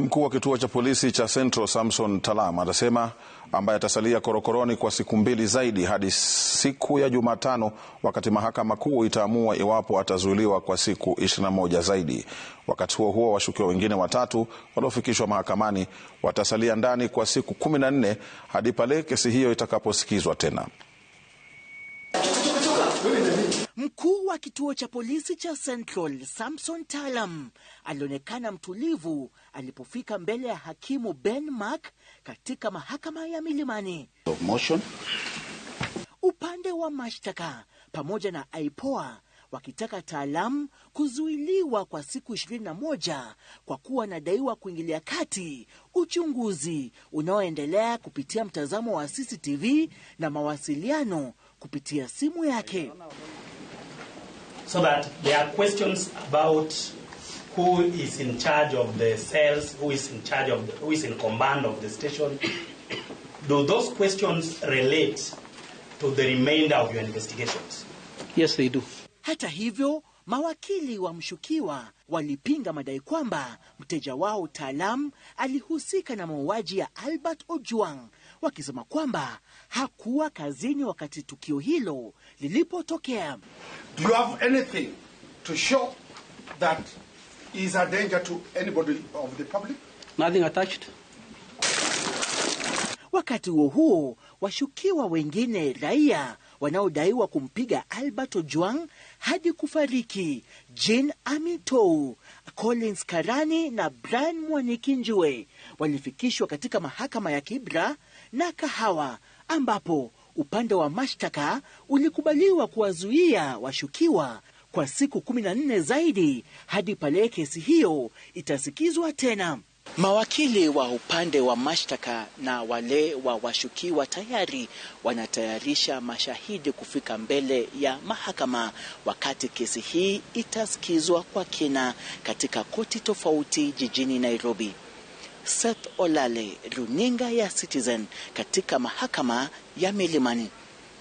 Mkuu wa kituo cha polisi cha Central Samson Talam atasema ambaye atasalia korokoroni kwa siku mbili zaidi hadi siku ya Jumatano wakati mahakama kuu itaamua iwapo atazuiliwa kwa siku 21 zaidi. Wakati huo huo, washukiwa wengine watatu waliofikishwa mahakamani watasalia ndani kwa siku 14 hadi pale kesi hiyo itakaposikizwa tena. Mkuu wa kituo cha polisi cha Central, Samson talam alionekana mtulivu alipofika mbele ya hakimu Ben Mark katika mahakama ya Milimani. Upande wa mashtaka pamoja na IPOA wakitaka Taalam kuzuiliwa kwa siku 21 kwa kuwa anadaiwa kuingilia kati uchunguzi unaoendelea kupitia mtazamo wa CCTV na mawasiliano kupitia simu yake so that there are questions about who is in charge of the cells, who is in charge of, the, who is in command of the station. Do those questions relate to the remainder of your investigations? Yes, they do. Hata hivyo, mawakili wa mshukiwa walipinga madai kwamba mteja wao Talam alihusika na mauaji ya Albert Ojuang, wakisema kwamba hakuwa kazini wakati tukio hilo lilipotokea. Do you have anything to show that is a danger to anybody of the public? Nothing attached. Wakati huo huo, washukiwa wengine raia wanaodaiwa kumpiga Albert Ojwang hadi kufariki, Jean Amitou, Collins Karani na Brian Mwanikinjwe walifikishwa katika mahakama ya Kibra na Kahawa ambapo upande wa mashtaka ulikubaliwa kuwazuia washukiwa kwa siku kumi na nne zaidi hadi pale kesi hiyo itasikizwa tena. Mawakili wa upande wa mashtaka na wale wa washukiwa tayari wanatayarisha mashahidi kufika mbele ya mahakama wakati kesi hii itasikizwa kwa kina katika koti tofauti jijini Nairobi. Seth Olale, runinga ya Citizen katika mahakama ya Milimani.